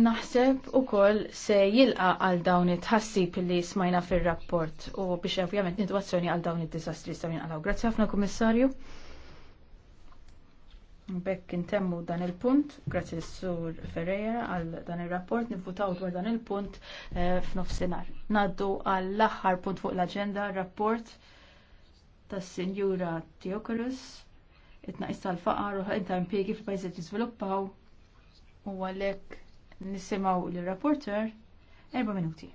Naħseb u koll se jilqa għal dawn it-ħassib li smajna fil-rapport u biex ovvjament nidu għal dawn it-disastri sa' għalaw. Grazie ħafna kummissarju. Bekk intemmu dan il-punt, grazie s-sur Ferreira għal dan il-rapport, nivvutaw dwar dan il-punt eh, f'nofsinar. Naddu għall aħħar punt fuq l-agenda, rapport tas sinjura Tiokorus, it-naqis tal-faqar u ta' impiegi fil-pajzi t u għalek nisimaw l reporter erba' minuti.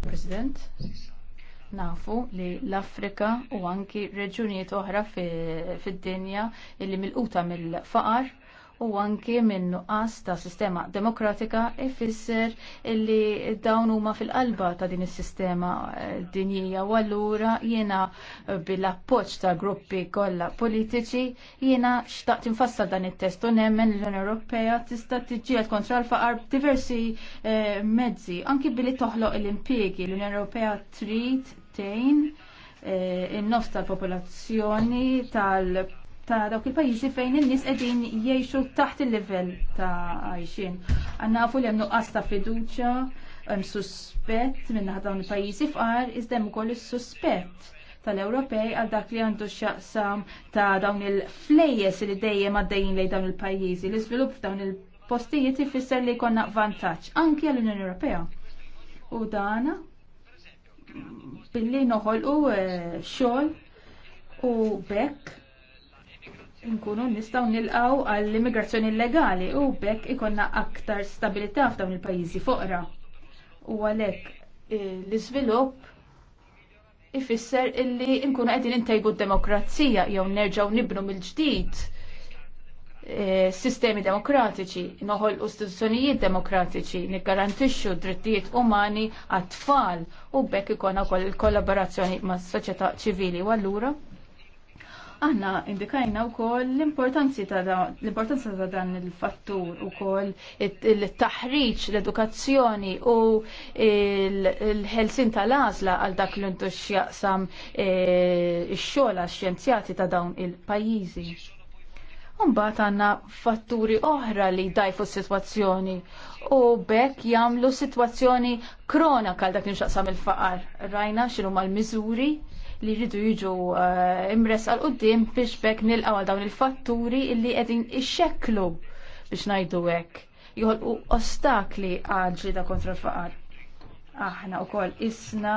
President, nafu li l-Afrika u anki reġunijiet oħra fid-dinja illi mil quta mill-faqar u anki minn nuqqas ta' sistema demokratika ifisser illi dawn huma fil-qalba ta' din is-sistema eh, dinjija u allura jiena eh, bil-appoġġ ta' gruppi kollha politiċi jiena xtaqt infassal dan it-test u nemmen l-Unjoni Ewropea tista' tiġġieled kontra l-faqar diversi eh, mezzi anki billi toħloq l-impjiegi l-Unjoni Ewropea trid tejn in-nofs tal-popolazzjoni tal ta' dawk il-pajjiżi fejn in-nies qegħdin jgħixu taħt il-livell ta' għajxin. Nafu li hemm nuqqas ta' fiduċja, hemm suspett minn dawn il-pajjiżi fqar iżda hemm ukoll is-suspett tal-Ewropej għal dak li għandu x'jaqsam ta' dawn il-flejjes li dejjem għaddejjin lejn dawn il-pajjiżi. L-iżvilupp f'dawn il-postijiet ifisser li jkollna vantaġġ anke għall-Unjoni Ewropea. U dana billi noħolqu eh, xogħol u bekk nkunu nistaw nilqaw għall-immigrazzjoni illegali u bekk ikonna aktar stabilità f'dawn il-pajjiżi foqra. U għalhekk eh, l-iżvilupp ifisser illi nkunu qegħdin intejbu d-demokrazija jew nerġgħu nibnu mill-ġdid eh, sistemi demokratiċi, noħol istituzzjonijiet demokratiċi, nikgarantixxu drittijiet umani għat-tfal u bekk ikona wkoll il-kollaborazzjoni mas soċjetà ċivili u allura Aħna indikajna wkoll l-importanza ta' dan il-fattur ukoll il-taħriġ, l-edukazzjoni u l-ħelsin tal-għażla għal dak li ntux jaqsam eh, ix-xogħol għax-xjenzjati ta' dawn il-pajjiżi. Umbat għandna fatturi oħra li dajfu s-sitwazzjoni u bekk jagħmlu sitwazzjoni kronika għal dak li nxaqsam il-faqar. Rajna xinu l-miżuri li jridu jiġu eh, imres għal qudiem biex bekk nilqgħu għal dawn il-fatturi li qegħdin ixxekklu biex ngħidu hekk jolqu ostakli għal ġlida kontra l-faqar aħna u koll isna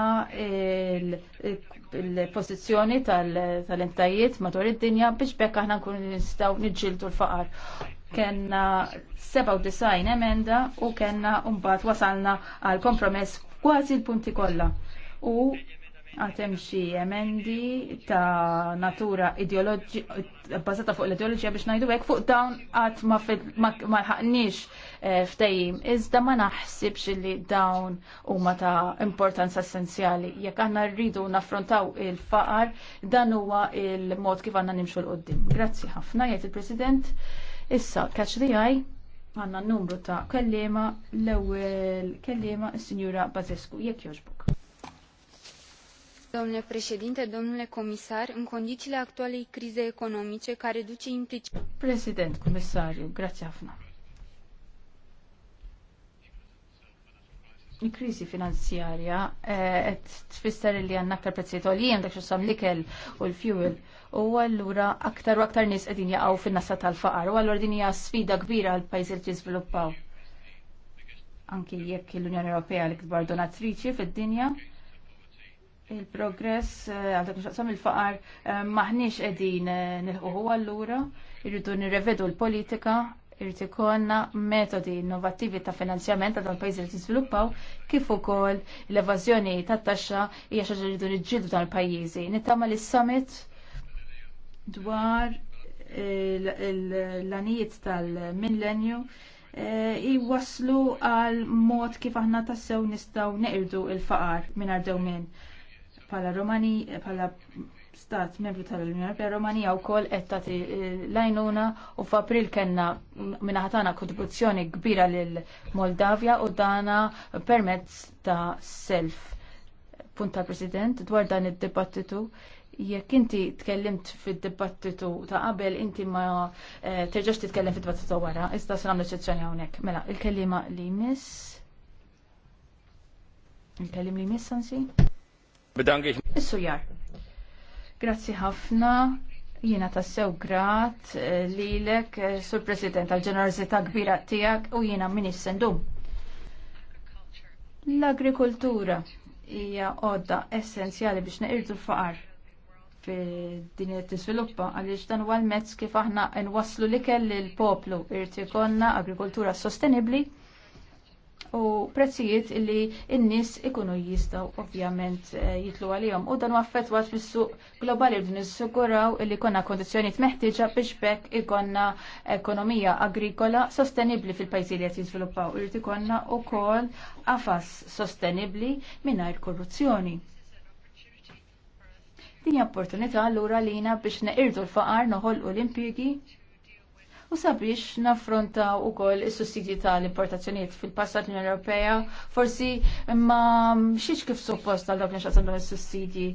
il-pozizjoni tal-entajiet matur id-dinja biex bekk aħna nkun nistaw nġildu l-faqar. Kenna 97 emenda u kenna umbat wasalna għal kompromess kważi l-punti kollha. U għatem xi emendi ta' natura bazzata fuq l-ideoloġija biex najdu hekk fuq dawn għat ma ħaqniex eh, ftejim. Iżda ma naħsibx li dawn huma ta' importanza essenzjali. Jekk aħna rridu naffrontaw il-faqar, dan huwa il-mod kif għandna nimxu l-qoddim. Grazzi ħafna, jgħid il-President. Issa, kaċ li għaj, għanna numru ta' kellima l-ewel kellima s-Sinjura Bazesku, Jekk joġbuk. Domnule președinte, domnule comisar, în condițiile actualei crize economice care duce implicit... President, comisariu, grazie afna. il-krizi finanzjarja qed eh, tfisser li għandna aktar prezzijiet għoljien dak x'sam l u l-fuel. U allura aktar u aktar nies qegħdin jaqgħu fin-nasa tal-faqar u allura din hija sfida kbira għal pajjiż li jiżviluppaw. Anki jekk l-Unjoni Ewropea l-ikbar donatriċi fid-dinja Il-progress, eh, dak x'aqsam il-faqar, eh, maħniex edin eh, nilħuħu għallura, irridu nirrevedu l-politika, irridu ikollna metodi innovattivi ta' finanzjament ta' dan pajzi li tiżviluppaw kif ukoll l-evażjoni tat-taxxa hija xi ħaġa li niġġieldu dan pajjiżi Nittama s summit dwar l-anijiet tal-millenju waslu għal mod kif aħna tassew nistgħu neqirdu il-faqar minn għardew minn. Pala Romani, pala stat membru tal-Unjoni Ewropea Romanija wkoll qed tagħti eh, l-għajnuna u f'April kellna minnaħatana kontribuzzjoni kbira lil Moldavja u dana permezz ta' self. Punta President dwar dan id-dibattitu jekk inti tkellimt fid-dibattitu ta' qabel inti ma eh, terġax titkellem fid-dibattitu wara, iżda se nagħmlu eċċezzjoni hawnhekk. Mela, il-kelliema li miss il-kellim li miss ansi? Bidangi. Is-sujar. Grazzi ħafna. Jiena tassew grat eh, lilek, eh, sur President, għal-ġenerozità kbira tiegħek u jiena minis sendum. L-agrikoltura hija għodda essenzjali biex neqirdu l-faqar din t-sviluppa għaliex dan huwa l-mezz kif aħna nwasslu l-ikel lill poplu irti jkollna agrikoltura sostenibbli u prezzijiet li n-nis ikunu jistaw ovvjament eh, jitlu għalihom. U dan waffetwat fis-suq globali b'din nissiguraw li konna t meħtieġa biex bekk ikonna ekonomija agrikola sostenibli fil-pajjiżi li qed jiżviluppaw. konna u wkoll għafas sostenibli mingħajr korruzzjoni. Din hija opportunità allura lina biex neqirdu l-faqar noħolqu l u sabiex u kol is-sussidji tal-importazzjonijiet fil-passat l-Unjoni Ewropea forsi ma xiex kif suppost għal dok li xatsandhom is-sussidji.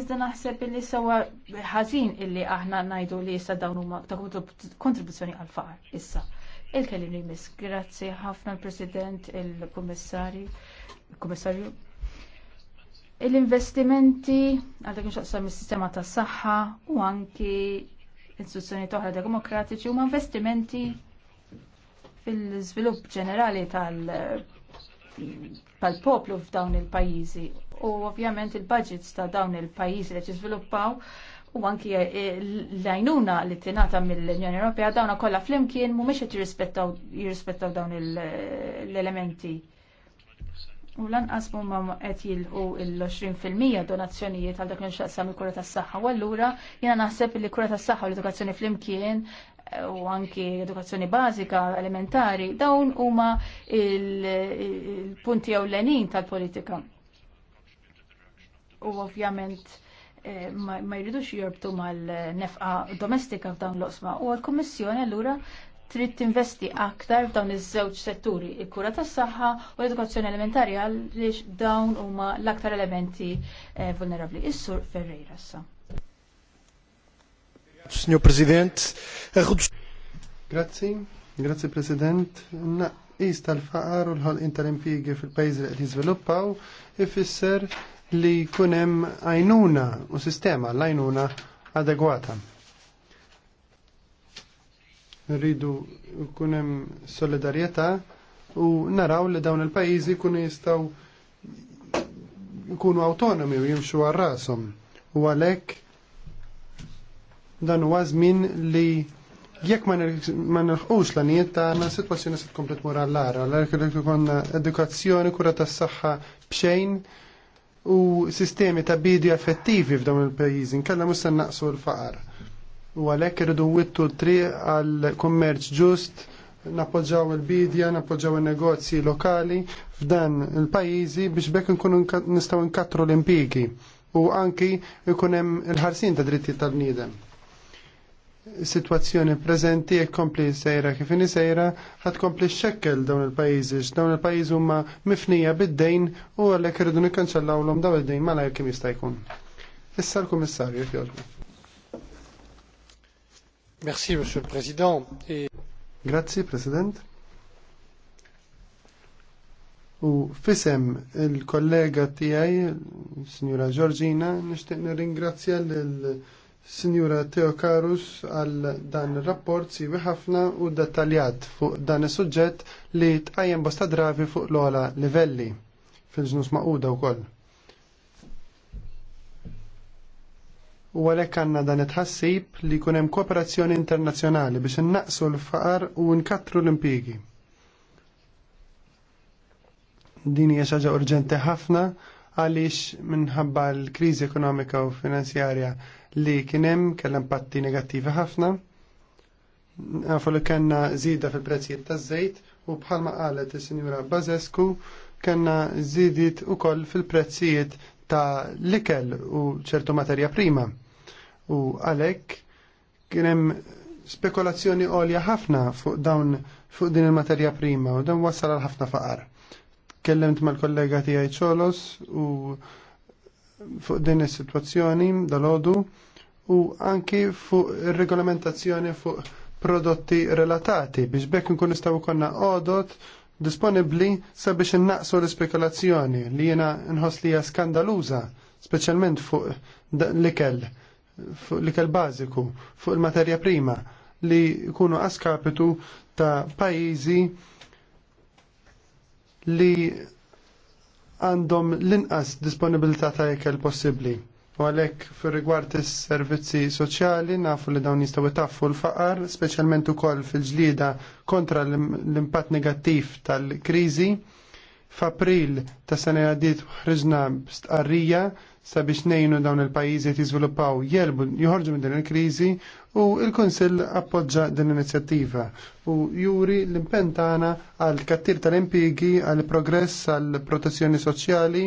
Iżda naħseb illi sawa ħażin illi aħna ngħidu li issa dawn huma ta' kontribuzzjoni għal faqar issa. Il-kellim li miss, grazzi ħafna l-President, il-Kummissarju, il-Kummissarju, l-investimenti għal dak xaqsam is-sistema tas-saħħa u anki istituzzjoni toħra demokratiċi huma investimenti fil-żvilupp ġenerali tal-poplu tal f'dawn il-pajjiżi u ovvjament il-budgets ta' dawn il-pajjiżi li ġiżviluppaw u anki eh, l-għajnuna li tinata mill-Unjoni Ewropea dawna kollha flimkien mhumiex qed jirrispettaw dawn l-elementi. U lanqas ma qed jilqu l-20% donazzjonijiet għal dak il-xaqsam il-kura tas-saħħa. U allura jiena naħseb li kura tas-saħħa u l-edukazzjoni flimkien eh, u anki edukazzjoni bażika, elementari, dawn huma il-punti ewlenin tal-politika. U ovvjament eh, ma jridux jorbtu mal-nefqa domestika f'dawn l-osma. U għal-Kommissjoni allura trid tinvesti aktar f'dawn iż-żewġ setturi, il-kura tas-saħħa u l-edukazzjoni elementari għaliex dawn huma l-aktar elementi eh, vulnerabbli. Is-Sur Ferreira sa. Signor President, eh, Grazzi, grazzi President. Naqis tal-faqar u l-ħolqin tal-impjiegi fil-pajjiż li qed jiżviluppaw ifisser li jkun hemm għajnuna u sistema l-għajnuna adegwata Rridu jkun hemm solidarjetà u naraw li dawn il-pajjiżi jkunu jistgħu jkunu autonomi u jimxu għal rashom. U għalhekk dan huwa żmien li jekk ma nilħqux l għanijiet tagħna sitwazzjoni se tkompli tmur għall-ara, għalhekk ikonna edukazzjoni, kura tas-saħħa bxejn u sistemi ta' bidi effettivi f'dawn il-pajjiżi, nkella mhux se naqsu l-faqar u għalhekk irridu wittu triq għal kummerċ ġust, nappoġġaw il-bidja, nappoġġaw il-negozji lokali f'dan il-pajjiżi biex bekk nkunu nistgħu nkattru l-impigi u anki ikun hemm il-ħarsin ta' dritti tal-bniedem. Situazzjoni preżenti e kompli sejra kif ini sejra ħad kompli xekkel dawn il-pajjiżi Dawn il-pajjiżi huma mifnija bid-dejn u għalhekk irridu nikkanċellawhom dawn id-dejn malajr kif jista' jkun. Issa l-Kummissarju jogħġbu. Merci, Monsieur le Président. Et... Grazie, President. U fisem il-kollega tijaj, signora Giorgina, nishtiq nirringrazzja l-signora Teo Karus għal dan rapport siwi ħafna u dettaljat fuq dan is-suġġett li tqajjem bosta dravi fuq l-ola livelli fil-ġnus maquda u koll. u għalhekk għandna dan it-ħassib li jkun hemm kooperazzjoni internazzjonali biex innaqsu l-faqar u nkattru l-impjiegi. Din hija ħaġa urġenti ħafna għaliex minħabba l-kriżi ekonomika u finanzjarja li kien hemm kellha impatti negattivi ħafna. Nafu li kellna żieda fil-prezzijiet taż-żejt u bħalma qalet is-Sinjura Bazescu kellna żidiet ukoll fil-prezzijiet ta' likel u ċertu materja prima u għalek kien hemm spekulazzjoni għolja ħafna fuq dawn fuq din il-materja prima u dan wassal għal ħafna faqar. Kellemt mal-kollega tiegħi Ċolos u fuq din is-sitwazzjoni dal ħodu u anki fuq ir-regolamentazzjoni fuq prodotti relatati biex bekk nkun nistgħu konna għodot disponibbli sabiex innaqsu l-spekulazzjoni li jiena nħoss li hija skandaluża, speċjalment fuq l-ikel fuq l-ikel bażiku, fuq il-materja prima li jkunu askapitu ta' pajjiżi li għandhom l-inqas disponibilità ta' ikel possibbli. U għalek fil rigward is-servizzi soċjali nafu li dawn jistgħu taffu l-faqar, speċjalment ukoll fil-ġlida kontra l-impatt negattiv tal-kriżi. F'April ta' sena għaddiet ħriġna stqarrija sabiex nejnu dawn il-pajjiżi jiżviluppaw jelbu joħorġu minn din il-kriżi u l-Kunsill appoġġa din l-inizjattiva u juri l-impenn tagħna għal kattir tal impigi għal progress għal protezzjoni soċjali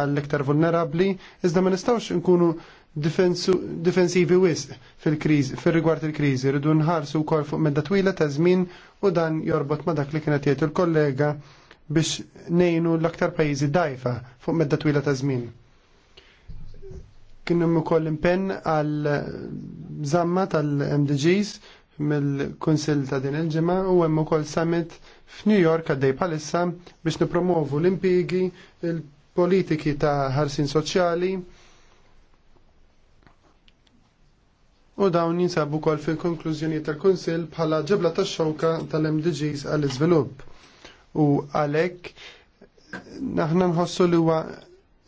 għall iktar vulnerabbli iżda ma nistgħux nkunu difensivi wisq fil-kriżi fil-rigward il-kriżi rridu nħarsu wkoll fuq medda twila ta' żmien u dan jorbot ma' dak li kienet jgħid il-kollega biex nejnu l-aktar pajjiżi dajfa fuq medda twila ta' żmien. Kienu ukoll impenn għal zamma tal-MDGs mill-Kunsill ta' din il-ġimgħa u hemm ukoll summit f'New York għaddej bħalissa biex nipromovu l-impigi, il-politiki ta' ħarsin soċjali, u dawn jinsabu kol fil-konklużjoni tal konsil bħala ġebla tax-xewka tal-MDGs għall-iżvilupp u għalhekk naħna nħossu li huwa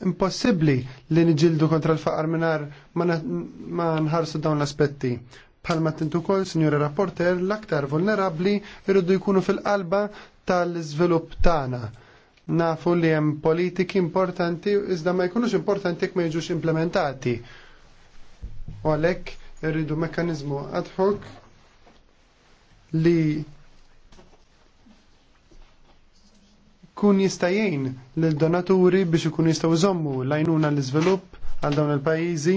impossibbli li niġildu kontra l-faqar minar ma nħarsu dawn l-aspetti. Palma tintu kol, signore rapporter, l-aktar vulnerabli irridu jkunu fil-qalba tal izvilup tagħna. Nafu li hemm politiki importanti iżda ma jkunux importanti jekk ma jiġux implementati. U għalhekk irridu mekkaniżmu ad hoc li kun jista' jgħin donaturi biex ikun jistgħu jżommu l-għajnuna l-iżvilupp għal dawn il-pajjiżi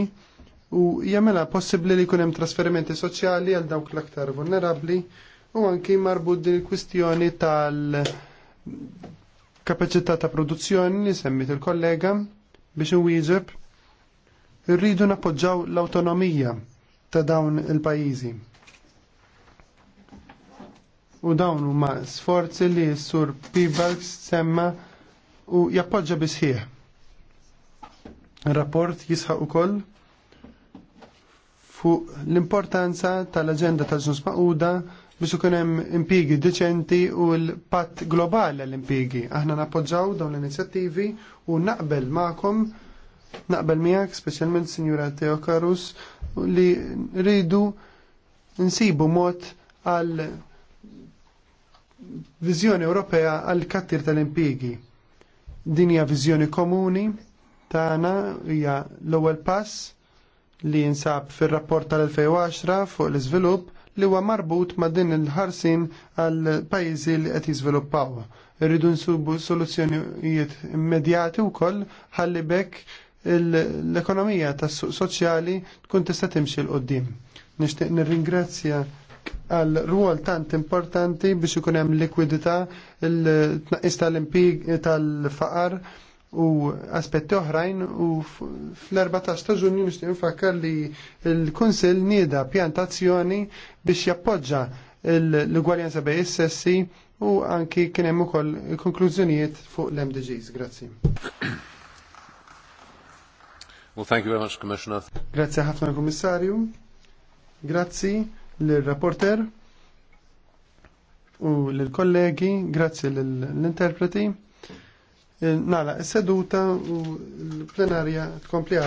u jagħmilha possibbli li jkun hemm trasferimenti soċjali għal dawk l-aktar vulnerabbli u anki marbud din il-kwistjoni tal kapaċità ta' produzzjoni li semmit il-kollega biex inwieġeb irridu nappoġġaw l-awtonomija ta' dawn il-pajjiżi u dawn huma sforzi li s-sur Pibalks semma u jappoġġa bisħieħ. Il-rapport jisħaq ukoll fuq l-importanza tal-aġenda tal-ġnus maquda biex ikun hemm impigi deċenti u l-patt globali għall impigi Aħna nappoġġaw dawn l-inizjattivi u naqbel magħkom naqbel miegħek speċjalment Sinjura Teokarus li rridu nsibu mod għal viżjoni Ewropea għal kattir tal-impigi. Din hija viżjoni komuni tagħna hija l-ewwel pass li jinsab fir-rapport tal-2010 fuq l-iżvilupp li huwa marbut ma' din il-ħarsin għal pajjiżi li qed jiżviluppaw. Irridu nsubu soluzzjonijiet immedjati wkoll ħalli bekk l-ekonomija tas-suq soċjali tkun tista' timxi l qoddim Nixtieq nirringrazzja għal ruol tant importanti biex ikun hemm likwidità il-tnaqqis tal-impig tal-faqar u aspetti oħrajn u fl-14 ta' ġunju nixtieq nfakkar li l-Kunsill nieda pjantazzjoni biex jappoġġa l-ugwaljanza bej is-sessi u anki kien hemm ukoll konklużjonijiet fuq l-MDGs. Grazzi. Well, thank you very much, Commissioner. Grazzi ħafna, Kummissarju. Grazzi l-rapporter u l-kollegi, grazzi l-interpreti. Eh, nala, seduta u l-plenarja tkompli